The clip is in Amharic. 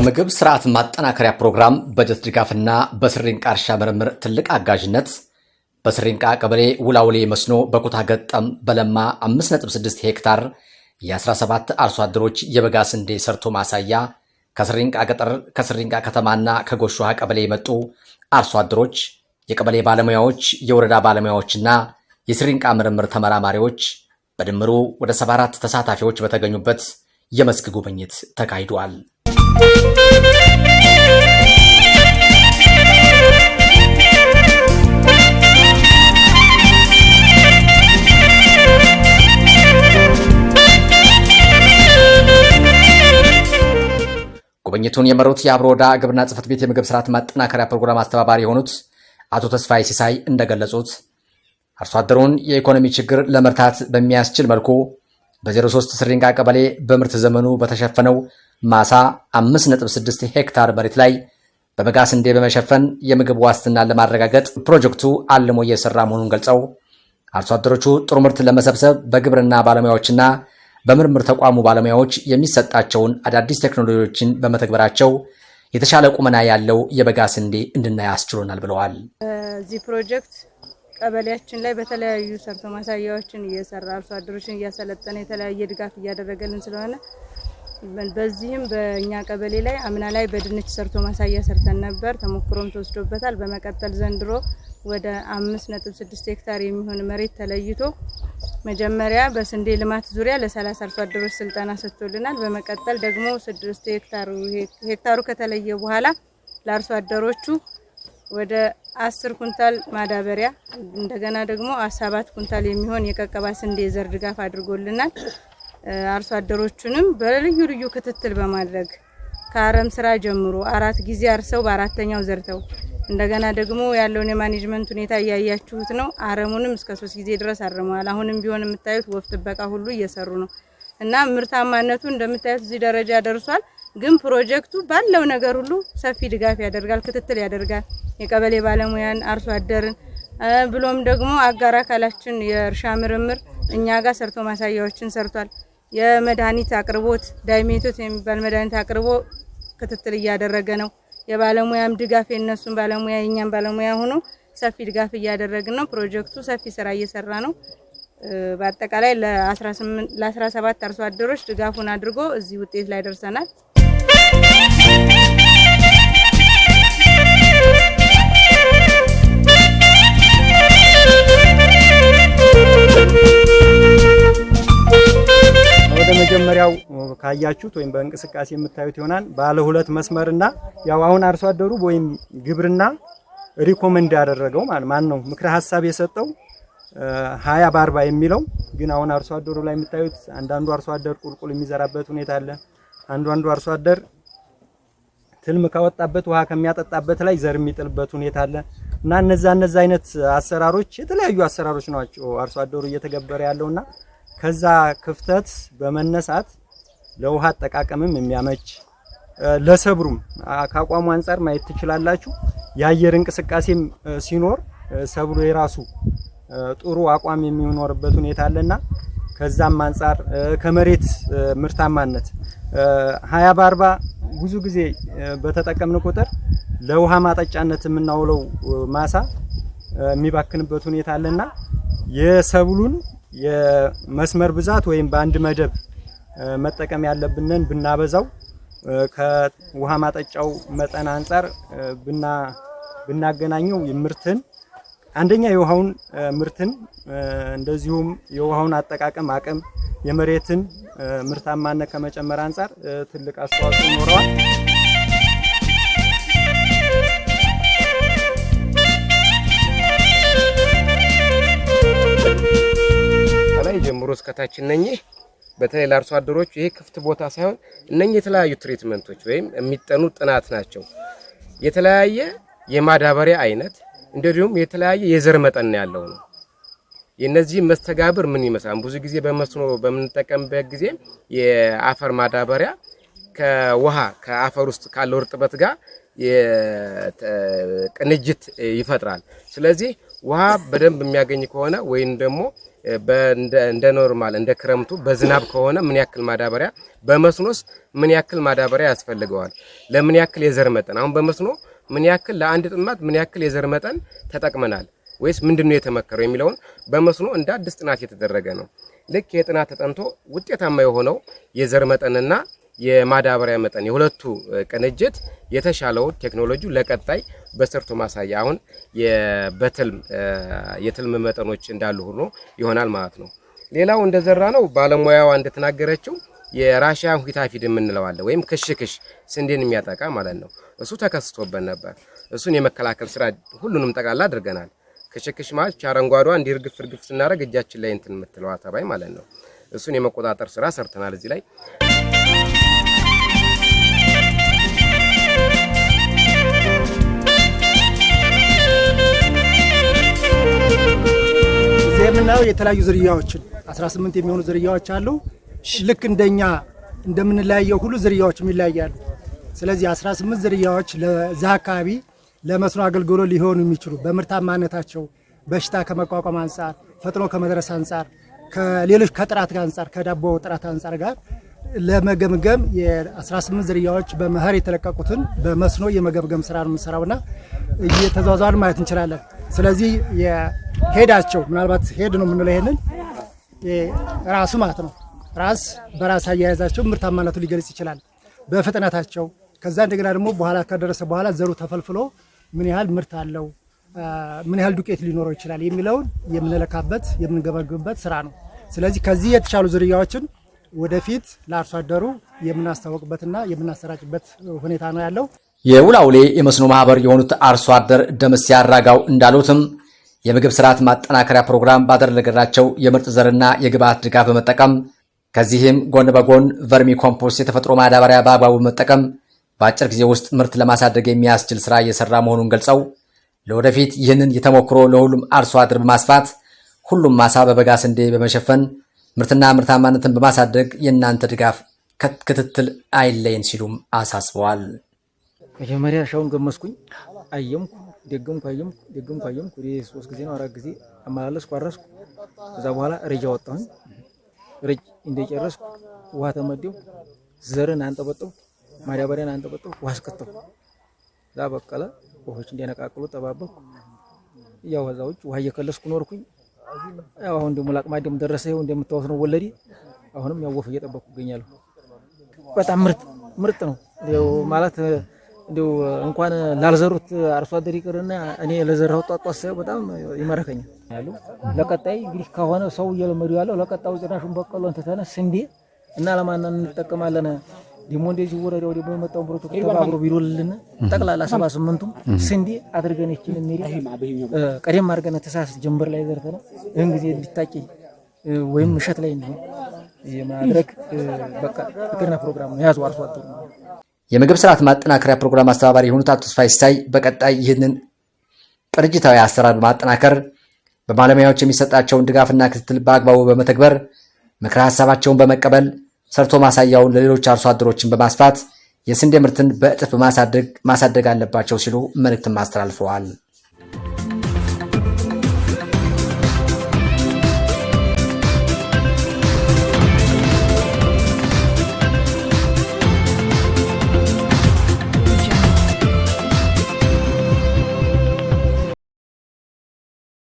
በምግብ ስርዓት ማጠናከሪያ ፕሮግራም በጀት ድጋፍና በስሪንቃ እርሻ ምርምር ትልቅ አጋዥነት በስሪንቃ ቀበሌ ውላውሌ መስኖ በኩታ ገጠም በለማ 5.6 ሄክታር የ17 አርሶ አደሮች የበጋ ስንዴ ሰርቶ ማሳያ ከስሪንቃ ገጠር ከስሪንቃ ከተማና ከጎሾሃ ቀበሌ የመጡ አርሶ አደሮች፣ የቀበሌ ባለሙያዎች፣ የወረዳ ባለሙያዎችና የስሪንቃ ምርምር ተመራማሪዎች በድምሩ ወደ 74 ተሳታፊዎች በተገኙበት የመስክ ጉብኝት ተካሂዷል። ጉብኝቱን የመሩት የአብሮ ወረዳ ግብርና ጽፈት ቤት የምግብ ስርዓት ማጠናከሪያ ፕሮግራም አስተባባሪ የሆኑት አቶ ተስፋይ ሲሳይ እንደገለጹት አርሶ አደሩን የኢኮኖሚ ችግር ለመርታት በሚያስችል መልኩ በ03 ስሪንጋ ቀበሌ በምርት ዘመኑ በተሸፈነው ማሳ 5.6 ሄክታር መሬት ላይ በበጋ ስንዴ በመሸፈን የምግብ ዋስትናን ለማረጋገጥ ፕሮጀክቱ አልሞ እየሰራ መሆኑን ገልጸው አርሶ አደሮቹ ጥሩ ምርት ለመሰብሰብ በግብርና ባለሙያዎችና በምርምር ተቋሙ ባለሙያዎች የሚሰጣቸውን አዳዲስ ቴክኖሎጂዎችን በመተግበራቸው የተሻለ ቁመና ያለው የበጋ ስንዴ እንድናይ አስችሎናል ብለዋል። እዚህ ፕሮጀክት ቀበሌያችን ላይ በተለያዩ ሰርቶ ማሳያዎችን እየሰራ አርሶ አደሮችን እያሰለጠነ የተለያየ ድጋፍ እያደረገልን ስለሆነ በዚህም በእኛ ቀበሌ ላይ አምና ላይ በድንች ሰርቶ ማሳያ ሰርተን ነበር። ተሞክሮም ተወስዶበታል። በመቀጠል ዘንድሮ ወደ አምስት ነጥብ ስድስት ሄክታር የሚሆን መሬት ተለይቶ መጀመሪያ በስንዴ ልማት ዙሪያ ለሰላሳ አርሶ አደሮች ስልጠና ሰጥቶልናል። በመቀጠል ደግሞ ስድስት ሄክታሩ ከተለየ በኋላ ለአርሶ አደሮቹ ወደ አስር ኩንታል ማዳበሪያ እንደገና ደግሞ ሰባት ኩንታል የሚሆን የቀቀባ ስንዴ ዘር ድጋፍ አድርጎልናል። አርሶ አደሮቹንም በልዩ ልዩ ክትትል በማድረግ ከአረም ስራ ጀምሮ አራት ጊዜ አርሰው በአራተኛው ዘርተው እንደገና ደግሞ ያለውን የማኔጅመንት ሁኔታ እያያችሁት ነው። አረሙንም እስከ ሶስት ጊዜ ድረስ አርመዋል። አሁንም ቢሆን የምታዩት ወፍ ጥበቃ ሁሉ እየሰሩ ነው እና ምርታማነቱ እንደምታዩት እዚህ ደረጃ ደርሷል። ግን ፕሮጀክቱ ባለው ነገር ሁሉ ሰፊ ድጋፍ ያደርጋል፣ ክትትል ያደርጋል። የቀበሌ ባለሙያን አርሶ አደርን ብሎም ደግሞ አጋር አካላችን የእርሻ ምርምር እኛ ጋር ሰርቶ ማሳያዎችን ሰርቷል። የመድኃኒት አቅርቦት ዳይሜቶት የሚባል መድኃኒት አቅርቦ ክትትል እያደረገ ነው። የባለሙያም ድጋፍ የነሱን ባለሙያ የእኛም ባለሙያ ሆኖ ሰፊ ድጋፍ እያደረግን ነው። ፕሮጀክቱ ሰፊ ስራ እየሰራ ነው። በአጠቃላይ ለ17 አርሶ አደሮች ድጋፉን አድርጎ እዚህ ውጤት ላይ ደርሰናል። ወደ መጀመሪያው ካያችሁት ወይም በእንቅስቃሴ የምታዩት ይሆናል። ባለ ሁለት መስመር እና ያው አሁን አርሶ አደሩ ወይም ግብርና ሪኮመንድ ያደረገው ማን ነው ምክረ ሀሳብ የሰጠው ሀያ በአርባ የሚለው ግን አሁን አርሶ አደሩ ላይ የምታዩት አንዳንዱ አርሶ አደር ቁልቁል የሚዘራበት ሁኔታ አለ። አንዱ አንዱ አርሶ አደር ትልም ካወጣበት ውሃ ከሚያጠጣበት ላይ ዘር የሚጥልበት ሁኔታ አለ እና እነዛ እነዛ አይነት አሰራሮች የተለያዩ አሰራሮች ናቸው አርሶ አደሩ እየተገበረ ያለውና ከዛ ክፍተት በመነሳት ለውሃ አጠቃቀምም የሚያመች ለሰብሩም ከአቋሙ አንጻር ማየት ትችላላችሁ። የአየር እንቅስቃሴም ሲኖር ሰብሉ የራሱ ጥሩ አቋም የሚኖርበት ሁኔታ አለና ከዛም አንጻር ከመሬት ምርታማነት ሀያ በአርባ ብዙ ጊዜ በተጠቀምን ቁጥር ለውሃ ማጠጫነት የምናውለው ማሳ የሚባክንበት ሁኔታ አለና የሰብሉን የመስመር ብዛት ወይም በአንድ መደብ መጠቀም ያለብንን ብናበዛው ከውሃ ማጠጫው መጠን አንጻር ብናገናኘው ምርትን አንደኛ የውሃውን ምርትን እንደዚሁም የውሃውን አጠቃቀም አቅም የመሬትን ምርታማነት ከመጨመር አንጻር ትልቅ አስተዋጽኦ ይኖረዋል። ጀምሮ እስከታች እነኚህ በተለይ ለአርሶ አደሮች ይሄ ክፍት ቦታ ሳይሆን እነኚህ የተለያዩ ትሪትመንቶች ወይም የሚጠኑ ጥናት ናቸው። የተለያየ የማዳበሪያ አይነት እንደዚሁም የተለያየ የዘር መጠን ያለው ነው። የነዚህ መስተጋብር ምን ይመስላል? ብዙ ጊዜ በመስኖ በምንጠቀምበት ጊዜ የአፈር ማዳበሪያ ከውሃ ከአፈር ውስጥ ካለው እርጥበት ጋር ቅንጅት ይፈጥራል። ስለዚህ ውሃ በደንብ የሚያገኝ ከሆነ ወይም ደግሞ እንደ ኖርማል እንደ ክረምቱ በዝናብ ከሆነ ምን ያክል ማዳበሪያ በመስኖስ ምን ያክል ማዳበሪያ ያስፈልገዋል? ለምን ያክል የዘር መጠን አሁን በመስኖ ምን ያክል ለአንድ ጥማት ምን ያክል የዘር መጠን ተጠቅመናል ወይስ ምንድነው የተመከረው የሚለውን በመስኖ እንደ አዲስ ጥናት የተደረገ ነው። ልክ የጥናት ተጠንቶ ውጤታማ የሆነው የዘር መጠንና የማዳበሪያ መጠን የሁለቱ ቅንጅት የተሻለው ቴክኖሎጂ ለቀጣይ በሰርቶ ማሳያ አሁን በትልም የትልም መጠኖች እንዳሉ ሆኖ ይሆናል ማለት ነው። ሌላው እንደዘራ ነው ባለሙያዋ እንደተናገረችው የራሽያ ሂታፊድ የምንለዋለ ወይም ክሽክሽ ስንዴን የሚያጠቃ ማለት ነው። እሱ ተከስቶበት ነበር። እሱን የመከላከል ስራ ሁሉንም ጠቃላ አድርገናል። ክሽክሽ ማለት አረንጓዷ እንዲህ እርግፍ እርግፍ ስናደርግ እጃችን ላይ እንትን የምትለዋ ተባይ ማለት ነው። እሱን የመቆጣጠር ስራ ሰርተናል እዚህ ላይ እዚህ የምናየው የተለያዩ ዝርያዎችን 18 የሚሆኑ ዝርያዎች አሉ። ልክ እንደኛ እንደምንለያየው ሁሉ ዝርያዎች ይለያያሉ። ስለዚህ 18 ዝርያዎች ለዛ አካባቢ ለመስኖ አገልግሎት ሊሆኑ የሚችሉ በምርታማነታቸው በሽታ ከመቋቋም አንጻር ፈጥኖ ከመድረስ አንጻር ከሌሎች ከጥራት ጋር አንጻር ከዳቦ ጥራት አንጻር ጋር ለመገምገም የ18 ዝርያዎች በመኸር የተለቀቁትን በመስኖ የመገምገም ስራ ነው የምንሰራውና እየተዟዟን ማየት እንችላለን። ስለዚህ ሄዳቸው ምናልባት ሄድ ነው የምንለው ይሄንን ራሱ ማለት ነው። ራስ በራስ አያያዛቸው ምርታማነቱ ሊገልጽ ይችላል። በፍጥነታቸው ከዛ እንደገና ደግሞ በኋላ ከደረሰ በኋላ ዘሩ ተፈልፍሎ ምን ያህል ምርት አለው ምን ያህል ዱቄት ሊኖረው ይችላል የሚለውን የምንለካበት የምንገመግምበት ስራ ነው። ስለዚህ ከዚህ የተሻሉ ዝርያዎችን ወደፊት ለአርሶ አደሩ የምናስታወቅበትና የምናሰራጭበት ሁኔታ ነው ያለው። የውላውሌ የመስኖ ማህበር የሆኑት አርሶ አደር ደምስ ያራጋው እንዳሉትም የምግብ ስርዓት ማጠናከሪያ ፕሮግራም ባደረገላቸው የምርጥ ዘርና የግብዓት ድጋፍ በመጠቀም ከዚህም ጎን በጎን ቨርሚ ኮምፖስት የተፈጥሮ ማዳበሪያ በአግባቡ በመጠቀም በአጭር ጊዜ ውስጥ ምርት ለማሳደግ የሚያስችል ስራ እየሰራ መሆኑን ገልጸው ለወደፊት ይህንን የተሞክሮ ለሁሉም አርሶ አደር በማስፋት ሁሉም ማሳ በበጋ ስንዴ በመሸፈን ምርትና ምርታማነትን በማሳደግ የእናንተ ድጋፍ ክትትል አይለይን ሲሉም አሳስበዋል። መጀመሪያ ሻውን ገመስኩኝ አየምኩ ደግም ኳየም ደግም ኳየም ወደ ሶስት ጊዜ ነው አራት ጊዜ አመላለስኩ አረስኩ። ከዛ በኋላ ረጅ አወጣሁኝ። ረጅ እንደጨረስኩ ውሃ ተመደው ዘርን አንጠበጠው ማዳበሪያን አንጠበጠው ውሃ አስከተው በቀለ ወሆች እንዲያነቃቅሉ ጠባበኩ። ያው ከዛ ውጭ ውሃ እየከለስኩ ኖርኩኝ። ያው አሁን ደግሞ ለአቅመ አዳም ደረሰ። ይኸው እንደምታወስ ነው ወለዴ። አሁንም ያው ወፍ እየጠበቅኩ እገኛለሁ። በጣም ምርጥ ምርጥ ነው ማለት እንደው እንኳን ላልዘሩት አርሶ አደር ይቅርና እኔ ለዘራሁት ጧጧት ሳይሆን በጣም ይማረከኛል ያሉ ለቀጣይ እንግዲህ ከሆነ ሰው እየለመዱ ያለው ለቀጣዩ ጭራሹን በቀሎን ትተነ ስንዴ እና ለማና እንጠቀማለን ደግሞ እንደዚህ ወረዳው ደግሞ የመጣውን ፕሮቶኮል ተባብሮ ቢሎልልን ጠቅላላ ሰባ ስምንቱም ስንዴ አድርገን ይችን ሜሪ ቀደም አድርገን ተሳስ ጀንበር ላይ ዘርተነ ይህን ጊዜ እንዲታቂ ወይም እሸት ላይ እንዲሆን ማድረግ በቃ እቅድና ፕሮግራም ነው የያዙ አርሶ አደሩ የምግብ ስርዓት ማጠናከሪያ ፕሮግራም አስተባባሪ የሆኑት አቶ ተስፋይ ሲሳይ በቀጣይ ይህንን ቅርጅታዊ አሰራር ማጠናከር፣ በባለሙያዎች የሚሰጣቸውን ድጋፍና ክትትል በአግባቡ በመተግበር ምክረ ሀሳባቸውን በመቀበል ሰርቶ ማሳያውን ለሌሎች አርሶ አደሮችን በማስፋት የስንዴ ምርትን በእጥፍ ማሳደግ አለባቸው ሲሉ መልእክትም አስተላልፈዋል።